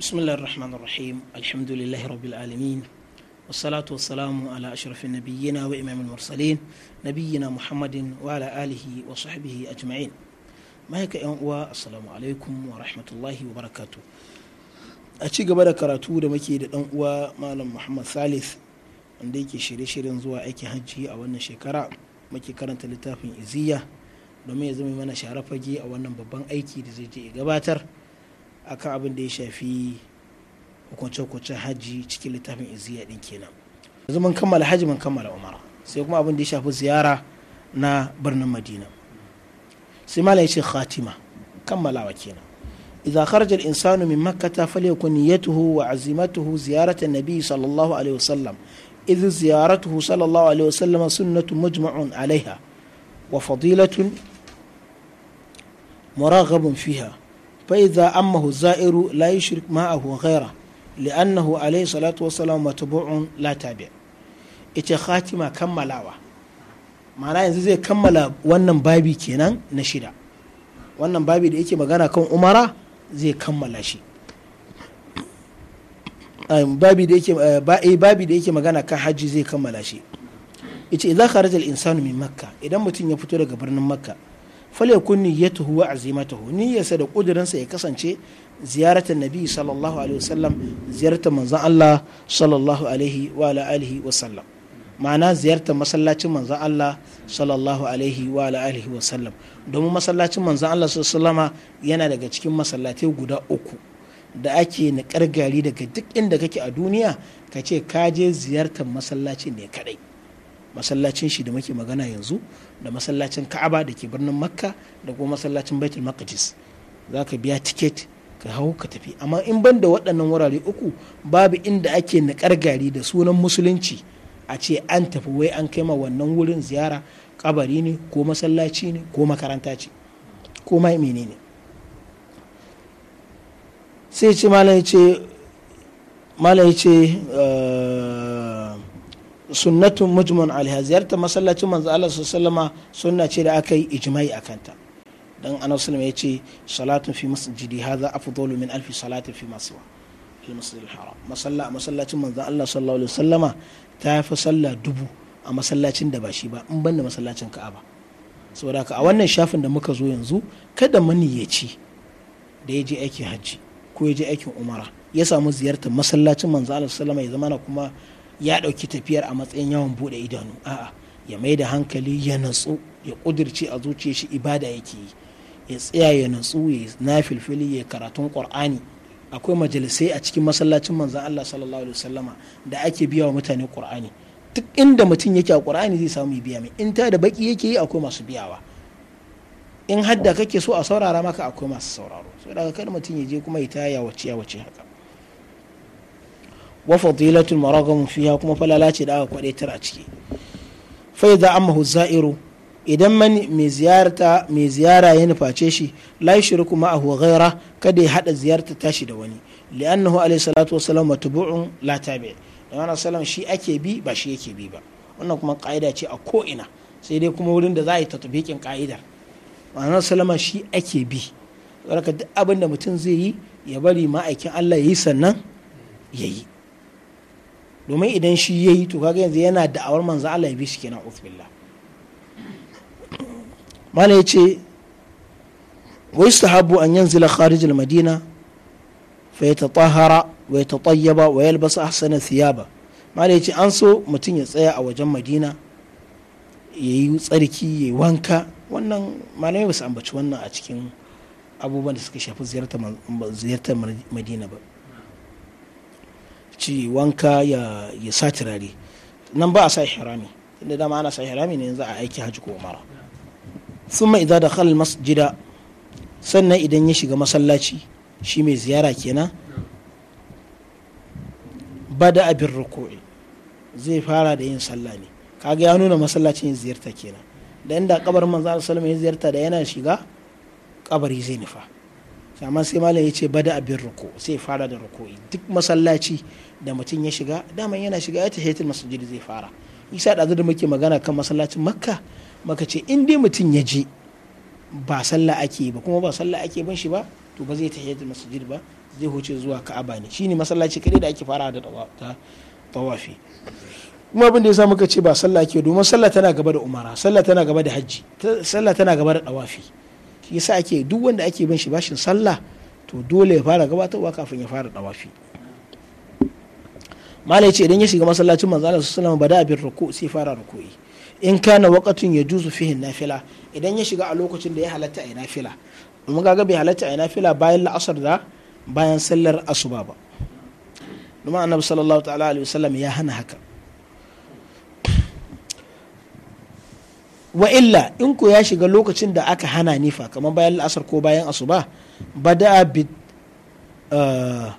بسم الله الرحمن الرحيم الحمد لله رب العالمين والصلاة والسلام على أشرف النبيين وإمام المرسلين نبينا محمد وعلى آله وصحبه أجمعين ما هيك السلام عليكم ورحمة الله وبركاته a ci gaba da karatu da muke da ɗan uwa malam muhammad salis wanda yake shirye-shiryen zuwa aikin hajji a wannan shekara muke karanta littafin iziya domin ya zama mana share fage a wannan babban aiki da zai je gabatar akan abin da ya shafi hukunce-hukunce haji cikin littafin iziya din kenan yanzu mun kammala haji kammala umara sai kuma abin da ya shafi ziyara na birnin madina sai malam ya ce khatima kammalawa kenan idan kharajar insanu min makkata fale kun yatuhu wa azimatuhu ziyarata nabi sallallahu alaihi wasallam idan ziyaratuhu sallallahu alaihi wasallam sunnatu mujma'un alaiha wa fadilatun muraghabun fiha فإذا أمه الزائر لا يشرك معه غيره لأنه عليه الصلاة والسلام متبوع لا تابع ita khatima kammalawa ma'ana yanzu zai kammala wannan babi kenan na shida wannan babi da yake magana kan umara zai kammala shi babi da yake magana kan hajji zai kammala shi ita idza kharaja al-insanu min makka idan mutum ya fito daga birnin makka falyakun niyyatuhu wa azimatuhu niyyarsa da kudurinsa ya kasance ziyaratar nabi sallallahu alaihi wasallam ziyartar manzon Allah sallallahu alaihi wa ala alihi wasallam ma'ana ziyarta masallacin manzon Allah sallallahu alaihi wa ala alihi wasallam domin masallacin manzon Allah sallallahu yana daga cikin masallatai guda uku da ake niƙar gari daga duk inda kake a duniya ka ce ka je ziyartar masallacin ne kadai masallacin shi da muke magana yanzu da masallacin ka'aba da ke birnin makka da kuma masallacin baitul maqdis za ka biya tiket ka hau ka tafi amma in ban da waɗannan wurare uku babu inda ake niƙar gari da sunan musulunci a ce an tafi wai an kai ma wannan wurin ziyara kabari ne ko masallaci ne ko makaranta ce ko ma menene sai ce malam ce sunnatun mujmun alaiha ziyarta masallacin manzo Allah sallama sunna ce da aka yi ijma'i akanta dan anas sallama ya ce salatun fi masjidi hadha afdalu min alfi salati fi maswa fi masjid haram masalla a masallacin manzo Allah sallallahu alaihi wasallama ta fi sallah dubu a masallacin da ba shi ba in banda masallacin Ka'aba saboda haka a wannan shafin da muka zo yanzu kada ci da ya je aikin hajji ko ya je aikin umara ya samu ziyartar masallacin manzo Allah sallama ya zama kuma ya ɗauki tafiyar a matsayin yawan buɗe idanu a'a ya mai da hankali ya natsu ya ƙudirce a zuciya shi ibada yake yi ya tsaya ya natsu ya na filfili ya karatun ƙur'ani akwai majalisai a cikin masallacin manzan Allah sallallahu alaihi wasallama da ake biya wa mutane ƙur'ani duk inda mutum yake a ƙur'ani zai samu ya biya mai in ta da baki yake yi akwai masu biyawa in hadda kake so a saurara maka akwai masu sauraro saboda kada mutum ya je kuma ya ta yawace yawace haka wa fadilatul maragamu fiha kuma falala ce da aka tara a ciki fa idza amahu za'iru idan mani mai ziyarta mai ziyara ya nuface shi la yushriku huwa ghaira kada ya haɗa ziyarta tashi da wani li'annahu alayhi salatu salam matbu'un la tabi' da wannan salam shi ake bi ba shi yake bi ba wannan kuma ka'ida ce a ko ina sai dai kuma wurin da za a yi tatbiqin ka'idar wannan salama shi ake bi saboda duk abin da mutum zai yi ya bari ma'aikin Allah ya yi sannan ya yi domin idan shi ya yi to kaga yanzu yana da'awar manzo Allah ya bi shi kenan mana ya ce wa yustahabu an yanzila kharij al-madina fa yatatahhara wa yatayyaba wa yalbasa ahsana thiyaba mana ya ce an so mutum ya tsaya a wajen madina ya yi tsarki ya yi wanka wannan malamai ba su ambaci wannan a cikin abubuwan da suka shafi ziyartar madina ba ci wanka ya ya sa turare nan ba a sa ihrami inda dama ana sa ihrami ne za a aiki hajji ko umara thumma idza dakhala masjida sannan idan ya shiga masallaci shi mai ziyara kenan bada abin ruku'i zai fara da yin sallah ne kaga ya nuna masallacin ziyarta kenan da inda kabarin manzo sallallahu alaihi wasallam ya ziyarta da yana shiga kabari zai nufa amma sai malam ya ce bada abin ruku sai fara da ruku'i duk masallaci da mutum ya shiga daman yana shiga ya tahiyatul masjid zai fara isa da da muke magana kan masallacin makka maka ce in dai mutum ya je ba sallah ake ba kuma ba sallah ake ban shi ba to ba zai tahiyatul masjid ba zai huce zuwa ka'aba ne shine masallaci kadai da ake fara da tawafi kuma abin da ya sa muka ce ba sallah ke domin sallah tana gaba da umara sallah tana gaba da hajji sallah tana gaba da tawafi shi yasa ake duk wanda ake bin shi bashin sallah to dole ya fara gabatarwa kafin ya fara dawafi malai ce idan ya shiga masallacin manzo Allah sallallahu alaihi wasallam bada ruku sai fara ruku'i in kana ya yajuzu fihi nafila idan ya shiga a lokacin da ya halatta a nafila mun ga bai halatta a nafila bayan la'asar da bayan sallar asuba ba. Numa annabi sallallahu ta'ala alaihi wasallam ya hana haka. wa illa in ku ya shiga lokacin da aka hana nifa kamar bayan la'asar ko bayan asuba bada bid uh,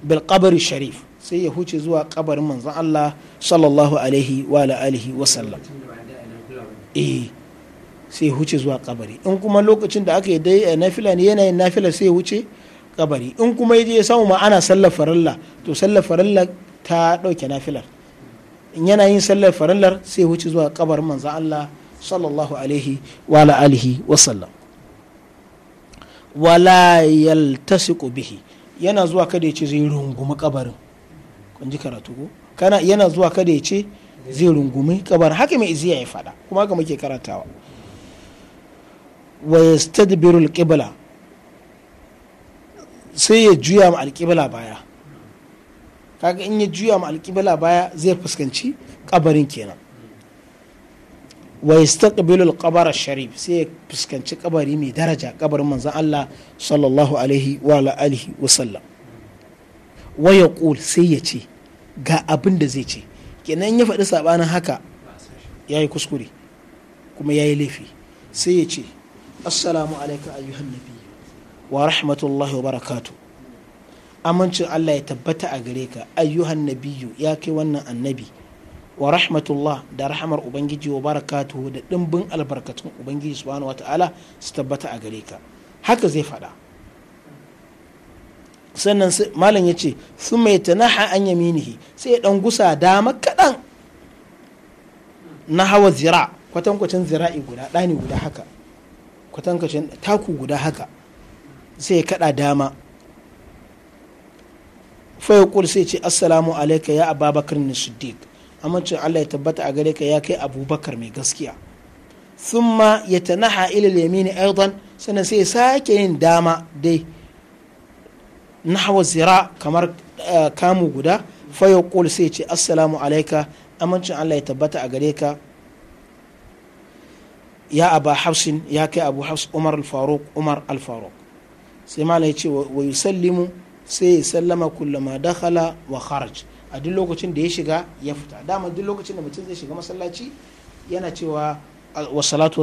bil qabri sharif sai ya huce zuwa kabarin manzon Allah sallallahu alaihi wa alihi wa sallam eh sai huce zuwa kabari in kuma lokacin da aka yi dai eh, nafila ne yanayin nafila sai huce kabari in kuma yaje ya samu ma ana sallar farilla to sallar farilla ta dauke nafilar yana yin sallar farallar sai wuce zuwa kabarin manzan Allah sallallahu alaihi wa alihi wa sallam wala yaltasiqu bihi yana zuwa kada ya ce zai rungumi kabarin kun ji karatu ko kana yana zuwa kada ya ce zai rungumi kabar haka mai iziya ya fada kuma haka muke karantawa wa yastadbirul qibla sai ya juya ma alqibla baya kaga in ya juya ma alƙibla baya zai fuskanci kabarin kenan wa yastaqbilu al sharif sai ya fuskanci kabari mai daraja kabarin manzon Allah sallallahu alaihi wa alihi wa sallam wa yaqul sai ya ce ga abin da zai ce kenan ya faɗi sabanin haka yayi kuskure kuma yayi laifi sai ya ce assalamu alayka ayyuhan nabiy wa rahmatullahi wa barakatuh amincin Allah ya tabbata a gare ka ayyuhan nabiyyu ya kai wannan annabi wa rahmatullah da rahamar ubangiji wa barakatuhu da dimbin albarkatun ubangiji subhanahu wata'ala su tabbata a gare ka haka zai faɗa sannan malam ya ce su mai tanaha an yaminihi sai ya ɗan gusa dama kaɗan na hawa zira kwatankwacin zira'i guda ɗani guda haka kwatankwacin taku guda haka sai ya kaɗa dama fai yaqul sai ce assalamu alaika ya ababakar ni siddiq amincin Allah ya tabbata a gare ka ya kai abubakar mai gaskiya ya ta ila al-yamin aidan sannan sai sake yin dama dai nahwa zira kamar eh, kamu guda fa yaqul sai ce assalamu alaika amincin Allah ya tabbata a gare ka ya aba hafsin ya kai abu hafs umar al-faruq umar al-faruq sai malai ce wa yusallimu sai ya sallama kullama dakhala wa kharaj a duk lokacin da ya shiga ya fita dama duk lokacin da mutum zai shiga masallaci yana cewa wa salatu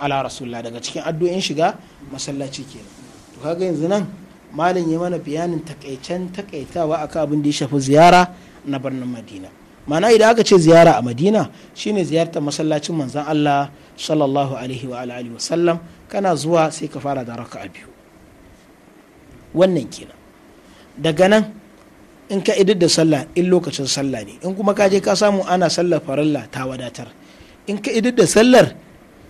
ala rasulullah daga cikin addu'in shiga masallaci kenan to kaga yanzu nan malam ya mana bayanin takaicen takaitawa akan abin da ya shafi ziyara na birnin madina mana idan aka ce ziyara a madina shine ziyartar masallacin manzon allah sallallahu alaihi wa alihi wa sallam kana zuwa sai ka fara da raka'a biyu wannan kenan daga nan in ka idar da sallah in lokacin sallah ne in kuma ka je ka samu ana sallar farilla ta wadatar in ka idar da sallar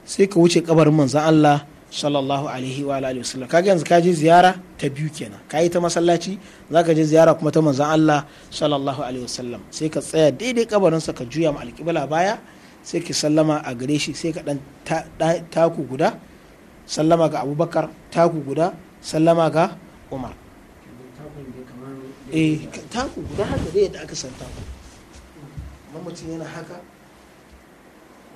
sai ka wuce kabarin manzon Allah sallallahu alaihi wa alihi wasallam kaga yanzu ka je ziyara ta biyu kenan kayi ta masallaci zaka je ziyara kuma ta manzon Allah sallallahu alaihi wasallam sai ka tsaya daidai kabarin sa ka juya ma alqibla baya sai ki sallama a gare shi sai ka dan taku guda sallama ga Abubakar taku guda sallama ga Umar eh taku guda haka dai yadda aka san taku amma mutum yana haka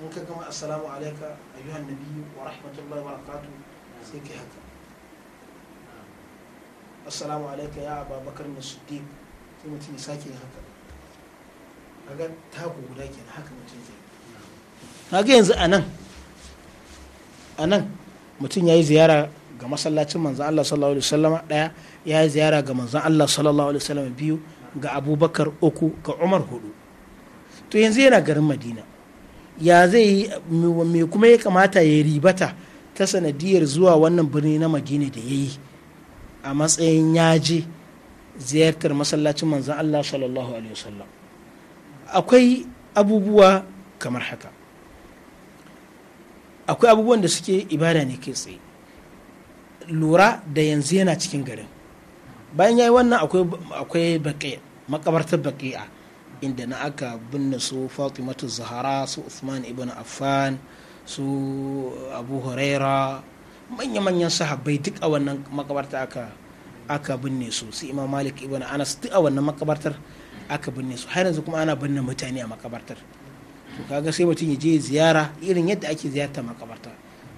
in ka gama assalamu alaika ayyuhan nabi wa rahmatullahi wa barakatuh sai kai haka assalamu alaika ya ababakar na siddiq sai mutum ya sake haka kaga taku guda kenan haka mutum zai kaga yanzu anan anan mutum ya yi ziyara ga masallacin manzan Allah sallallahu alaihi wasallam ɗaya ya yi ziyara ga manzan Allah sallallahu alaihi wasallam biyu ga abubakar uku ga umar hudu to yanzu yana garin madina ya zai yi me kuma ya kamata ya ribata ta sanadiyar zuwa wannan birni na madina da ya yi a matsayin ya je ziyartar masallacin manzan Allah sallallahu alaihi wasallam akwai abubuwa kamar haka akwai abubuwan da suke ibada ne kai tsaye lura da yanzu yana cikin garin bayan ya yi wannan akwai baƙi makabartar baƙi'a inda na aka binne su fatimatu zahara su usman ibn affan su abu huraira manya-manyan sahabbai duk a wannan makabarta aka binne su su imam malik ibn anas duk a wannan makabartar aka binne su har yanzu kuma ana binne mutane a makabartar to kaga sai mutum ya je ziyara irin yadda ake ziyarta makabarta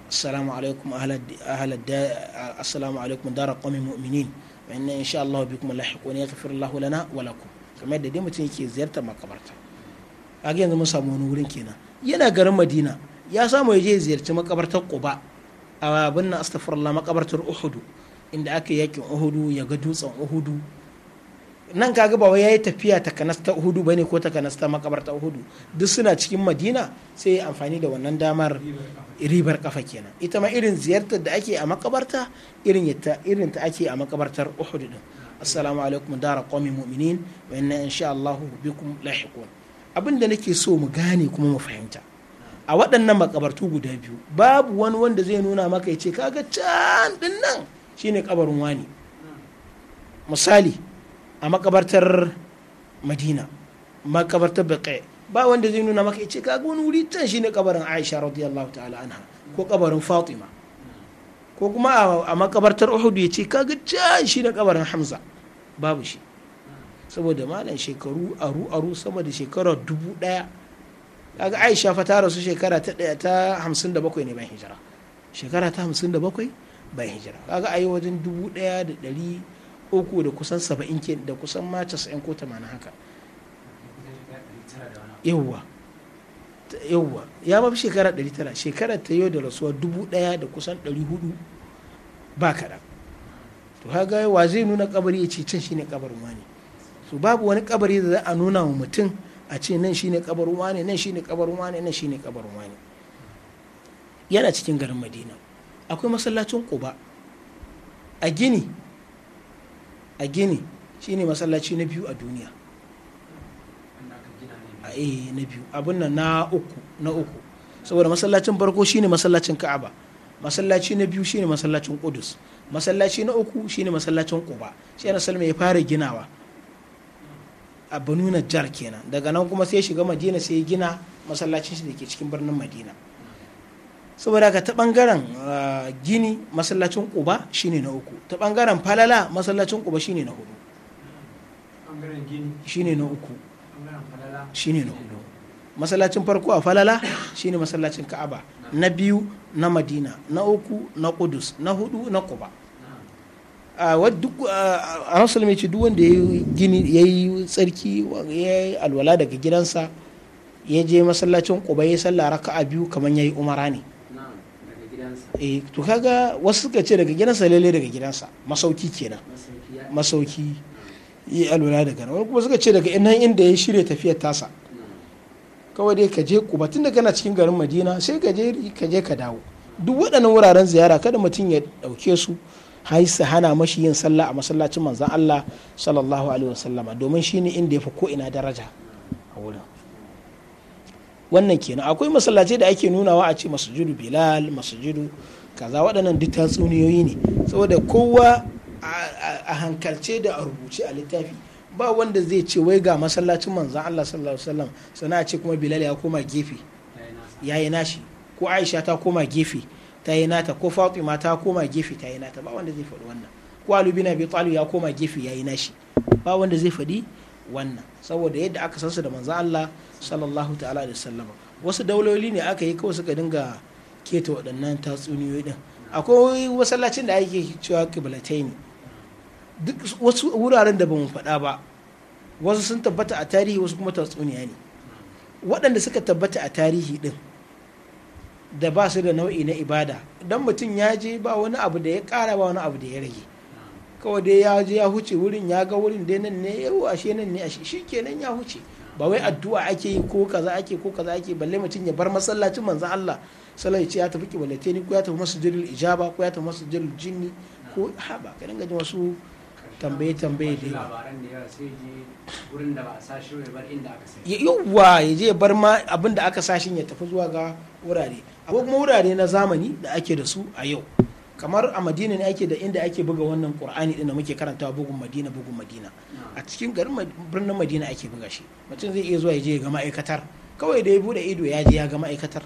assalamu alaikum assalamu alaikum dara qawmin mu'minin wa inna insha Allah bikum lahiqun yaghfir Allah lana wa lakum kamar yadda dai mutum yake ziyartar makabarta kaga yanzu mun samu wani wurin kenan yana garin Madina ya samu ya je ziyarci makabartar Quba a abin na astaghfirullah makabartar Uhud inda aka yakin Uhud ya ga dutsen Uhud nan kaga ba wai yayi tafiya ta kanasta uhudu bane ko ta kanasta makabarta uhudu duk suna cikin madina sai ya amfani da wannan damar ribar kafa kenan ita ma irin ziyartar da ake a makabarta irin ta irin ta ake a makabartar uhudu din assalamu alaikum dara qawmi mu'minin wa inna insha Allah bikum lahiqun abin da nake so mu gane kuma mu fahimta a waɗannan makabartu guda biyu babu wani wanda zai nuna maka ya ce kaga can din nan shine kabarin wani misali a makabartar madina makabartar baƙe ba wanda zai nuna maka ce kaga wani wuri can shine kabarin aisha radiyallahu ta'ala anha ko kabarin fatima ko kuma a makabartar uhud ya ce kaga can shine kabarin hamza babu shi saboda malam shekaru aru aru sama da shekara dubu daya kaga aisha fa ta rasu shekara ta daya ta hamsin da bakwai ne bayan hijira shekara ta hamsin da bakwai bayan hijira kaga yi wajen dubu daya da dari uku da kusan saba'in ke da kusan ma casa'in ko tamanin haka yawwa yawwa ya ba shekara 900 tara shekara ta yau da rasuwa dubu daya da kusan 400 hudu ba kaɗan to haga wa zai nuna kabari ya ce can shine ruwa wani su babu wani kabari da za a nuna wa mutum a ce nan shine ruwa wani nan shine ruwa wani nan shine ruwa wani yana cikin garin madina akwai masallacin quba a gini a gini shine masallaci na biyu a duniya a iya eh, na biyu abin nan na uku saboda masallacin farko shine masallacin ka'aba masallaci na biyu shine masallacin kudus masallaci na uku shine masallacin kuba shi na salma ya fara ginawa a banu najjar kenan daga nan kuma sai shiga madina sai ya gina masallacin shi da ke cikin birnin madina saboda ka ta bangaren ah, gini masallacin kuba shine na uku ta bangaren falala masallacin kuba shine na hudu shine na uku shine na hudu masallacin farko a falala shine masallacin ka'aba na biyu na madina na uku na kudus na hudu na kuba a musulmi ce duk wanda ya yi ya yi tsarki ya yi alwala daga gidansa ya je masallacin kuba ya sallah ka'a biyu kamar ya yi umara ne eh to kaga wasu suka ce daga gidansa lele daga gidansa masauki kenan masauki yi alwala daga nan kuma suka ce daga ina inda ya shirya tafiyar tasa kawai dai ka je kuba tunda kana cikin garin madina sai ka je ka je ka dawo duk waɗannan wuraren ziyara kada mutum ya ɗauke su hai su hana mashi yin sallah a masallacin manzan Allah sallallahu alaihi wasallama domin shine inda ya fi ko ina daraja a wurin wannan kenan akwai masallaci da ake nunawa a ce masjidu bilal masjidu kaza waɗannan duk tatsuniyoyi ne saboda kowa a hankalce da a rubuce a littafi ba wanda zai ce wai ga masallacin manzan Allah sallallahu alaihi wasallam sana ce kuma bilal ya koma gefe ya yi nashi ko aisha ta koma gefe ta yi nata ko fatima ta koma gefe ta yi nata ba wanda zai faɗi wannan ko alubina bi ya koma gefe ya yi nashi ba wanda zai faɗi wannan saboda yadda aka san su da manzo Allah sallallahu ta'ala da sallama wasu dauloli ne aka yi kawai suka dinga keta waɗannan tatsuniyoyi din akwai masallacin da ake cewa kiblatai ne duk wasu wuraren da ba faɗa ba wasu sun tabbata a tarihi wasu kuma tatsuniya ne waɗanda suka tabbata a tarihi din da ba su da nau'i na ibada dan mutum ya je ba wani abu da ya ƙara ba wani abu da ya rage kawai dai ya je ya huce wurin ya ga wurin dai nan ne yau ashe nan ne ashe shi kenan ya huce ba wai addu'a ake yi ko kaza ake ko kaza ake balle mutum ya bar masallacin manzon Allah sallallahu alaihi ya tafi kibalate ni ko ya tafi masjidul ijaba ko ya tafi masjidul jinni ko ha ba ka dinga jin wasu tambaye tambaye dai labaran da yawa sai je wurin da ba a sashi ya bar inda aka sashi yawa ya je bar ma abin da aka sashin ya tafi zuwa ga wurare akwai kuma wurare na zamani da ake da su a yau kamar a madina ne ake da inda ake buga wannan qur'ani din da muke karantawa bugun madina bugun madina a cikin garin birnin madina ake buga shi mutum zai iya zuwa ya je ga ma'aikatar kawai da ya bude ido ya je ya ga ma'aikatar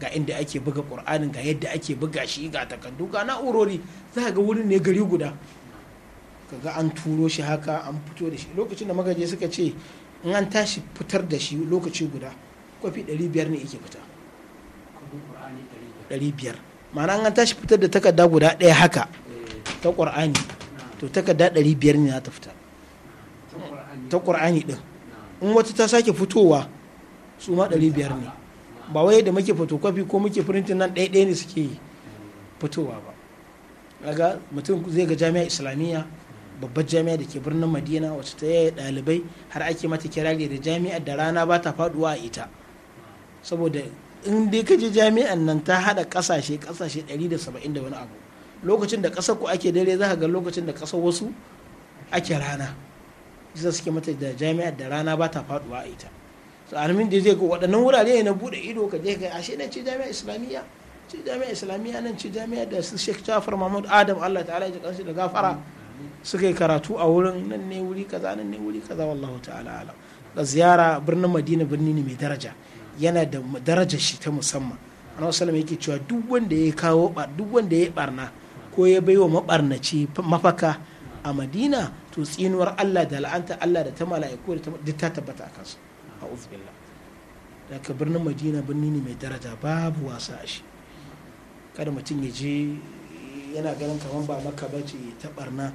ga inda ake buga qur'anin ga yadda ake buga shi ga takardu ga na'urori za ga wurin ne gari guda kaga an turo shi haka an fito da shi lokacin da magaje suka ce in an tashi fitar da shi lokaci guda kwafi 500 ne yake fita 500 ma'ana an tashi fitar da takarda guda ɗaya haka ta ƙur'ani to takarda ɗari biyar ne ta fita ta ƙur'ani ɗin in wata ta sake fitowa su ma ɗari biyar ne ba wai da muke photocopy ko muke printin nan ɗaya ɗaya ne suke fitowa ba kaga mutum zai ga jami'a islamiyya babbar jami'a da ke birnin madina wacce ta yaya ɗalibai har ake mata kirari da jami'a da rana ba ta faɗuwa a ita saboda in dai ka je jami'an nan ta hada kasashe kasashe 170 da wani abu lokacin da kasar ku ake dare za ka ga lokacin da kasar wasu ake rana jisa suke mata da jami'ar da rana ba ta faduwa a ita so alamin da zai ga waɗannan wurare na bude ido ka je ka ashe nan ce jami'ar islamiyya ce jami'ar islamiyya nan ce jami'ar da su shek Jafar Mahmud Adam Allah ta'ala ya kansu da gafara suka yi karatu a wurin nan ne wuri kaza nan ne wuri kaza wallahu ta'ala ala da ziyara birnin Madina birni ne mai daraja yana da darajar shi ta musamman wasu salama yake cewa duk wanda ya kawo duk wanda ya barna ko ya baiwa mabarnaci mafaka a madina to tsinuwar allah da la'anta allah da ta mala'iku da duk ta tabbata a kansu a uzbillah daga birnin madina birni ne mai daraja babu wasa a shi kada mutum ya je yana ganin kamar ba maka ba ce ta barna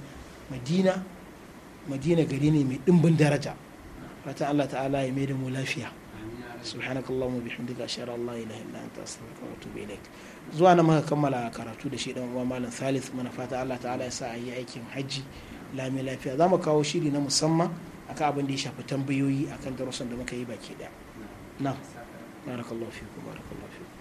madina madina gari ne mai dimbin daraja fata allah ta'ala ya mai da mu lafiya subhanaka allahumma bihamdika ashhadu an la ilaha illa zuwa na muka kammala karatu da shi dan uwa malam salis muna fata Allah ta'ala ya sa a yi aikin hajji lami lafiya za mu kawo shiri na musamman akan abin da ya shafi tambayoyi akan darussan da muka yi baki daya na barakallahu fiku barakallahu fiku